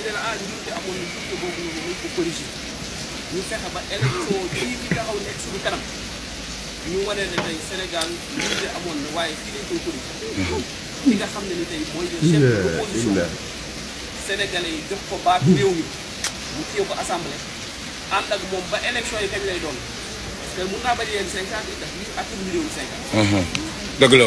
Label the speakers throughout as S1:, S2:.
S1: gidan aadini te amoon nañ ko boobu noonu nañ ko corriger ñu fexe ba élection bii fi taxaw nekk suñu kanam ñu wane ne tey Sénégal lii de amoon na waaye fii lañ koy corriger li nga xam ne ni tey mooy le chef
S2: de l'opposition
S1: sénégalais yi jox ko baat réew mi mu téye ko assemblée ànd ak moom ba élection yi kañ lay doon parce que mun naa bañ leen cinquante yi daf ñu atum réew mi cinquante dëgg la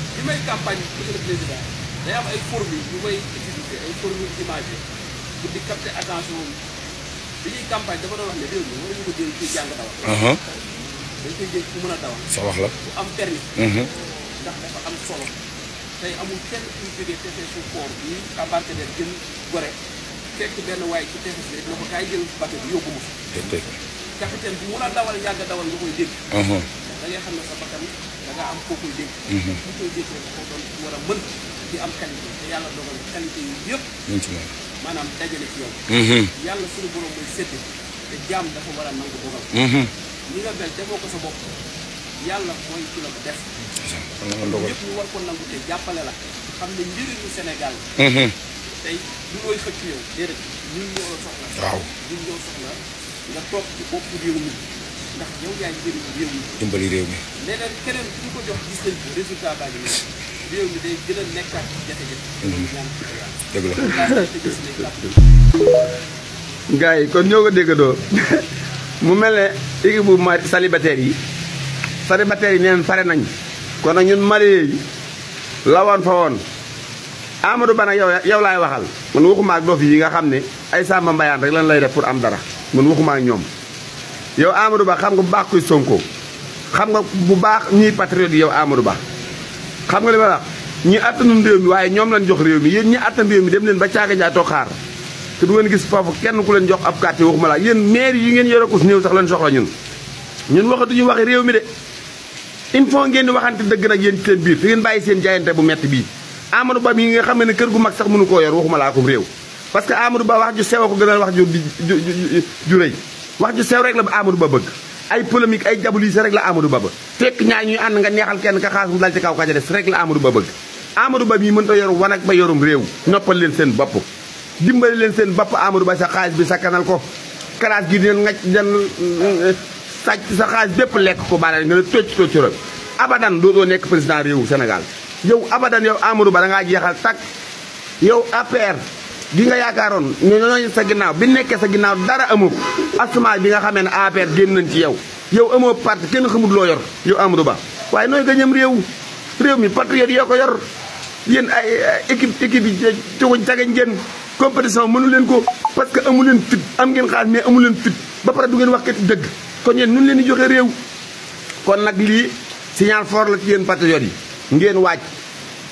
S1: bi may campagne monsieur le président am ay formules yu may utiliser ay formules imagées pour di capter attention bi ñuy campagne dafa doon wax ne réew mi waruñu ko jël ci jàng dawal. Uh-huh. dañ koy jël a dawal. sa la ku am permis. Uh-huh. am solo tey bi embarcadère jën gore fekk benn waaye bi rek a dawal yàgg dawal nga koy dégg. Uh-huh. da ngay xam ne sa bakkan da nga am koo koy dégg bu mhm. koy dégg rek koo doon war a mën di am qualité te yàlla dogal qualité yi yëpp maanaam dajale ci yow mhm. yàlla suñu borom mooy sédde te jaam dafa war a nangu dogal li mhm. nga mel defoo ko sa bopp yàlla mooy ci la ko def ñëpp ñu war ko nangu te jàppale la xam ne njëriñu Sénégal tey du looy xëcc yow déedéet ñun ñoo soxla waaw soxla nga toog ci bopp réew mi ndax yow dimbali réew mi leneen keneen ku ko jox gis nañ résultat baa ngi nii réew mi day gën a nekkaat mhm. jafe-jafe
S2: dëgg la gars yi kon ñoo ko déggandoo mu mel ne équipe bu ma yi célibataire yi neen pare nañ kon nag ñun marié yi lawoon fa woon amadou ba nag yow yow laay waxal man ak dof yi nga xam ne ay mbayaan rek lan lay def pour am dara man ak ñoom yow Amadou Ba xam nga bu baax kuy Sonko xam nga bu baax ñi patriote yow Amadou Ba xam nga li ma la ñi attanu réew mi waye ñom lañ jox rew mi yeen ñi attan réew mi dem leen ba ciaga ja to xaar te du ngeen gis fofu kenn ku leen jox ab kàtte waxuma la yeen maire yi ngeen yoro ko si néew sax lañ soxla ñun ñun waxatu ñu waxe rew mi de il faut ngeen di waxante deug nak yeen seen biir te ngeen bayyi seen jaayante bu metti bi Amadou Ba mi nga xamé ne kër gu mag sax mënu ko yor waxuma la ko rew parce que Amadou Ba wax ju sew ko gënal wax ju ju ju ju reuy wax ju sew rek la amadou ba bëgg ay polémique ay diaboliser rek la amadou ba bëgg fekk ñaan ñuy and nga neexal kenn ka xaas mu dal ci kaw ka ca rek la amadou ba bëgg amadou ba mii mënta yor ak ba yorum rew noppal leen seen bop dimbali leen seen bop amadou ba sa xaalis bi kanal ko class gi dina ngaj dan eh, sàcc sa xaalis bepp lek ko baale nga tocc tocc rek abadan do nek président rew sénégal yow abadan yow amadou ba da nga jeexal tak yow APR gi nga yaakaaroon ñooñu sa ginnaw bi nekkee sa ginnaw dara amu asma bi nga xamee ne APR génn nañ ci yow yow amo parti kenn xamul lo yor yow Amadou Ba waaye nooy gañam rew rew mi patriote yoo yor yeen ay équipe équipe yi cogoñ cagañ ngeen compétition mënu leen ko parce que amu leen fit am ngeen xaar mais amu leen fit ba pare du ngeen wax kati deug kon ñeen nun leen di joxe rew kon nak li signal fort la ci yeen patriote yi ngeen wacc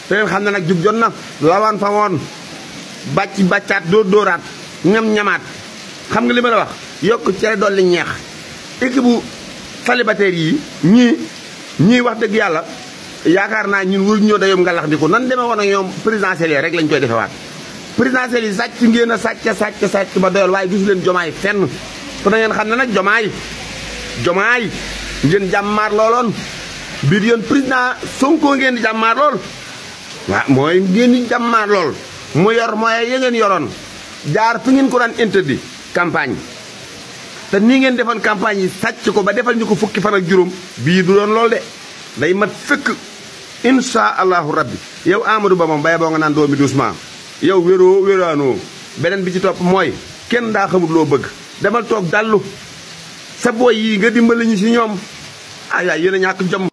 S2: te leen xam ne nag jub jot na fa won bàcc baccat do dorat ñam ñamat xam nga lima la wax yokk cere dolli ñeex équipe bu célibataire yi ñii ñii wax dëgg yàlla yaakaar naa ñun wër ñoo dayoom nga lax ko nan demee woon ak ñoom présidentielles yi rek lañ koy defewaat présidentielles yi sàcc ngeen a sàcc sàcc sàcc ba doyal waaye gisu leen jomaay fenn te na ngeen xam ne nag jomaay jomaay ngeen jàmmaar looloon biir yoon président Sonko ngeen di jàmmaar lool waaw mooy ngeen di jàmmaar lool mu yor mooy ya ngeen yoroon jaar fi ngeen ko daan interdit campagne te nii ngeen defoon campagne yi sàcc ko ba defal ñu ko fukki fan ak juróom bii du doon lool de day mat fekk insha allahu rabbi yow Amadou Ba moom bay boo nga naan doomi doucement yow wéroo wéraanoo beneen bi ci topp mooy kenn daa xamul loo bëgg demal toog dallu sa booy yii nga dimbali ñu si ñoom ay waay yéen a ñàkk jom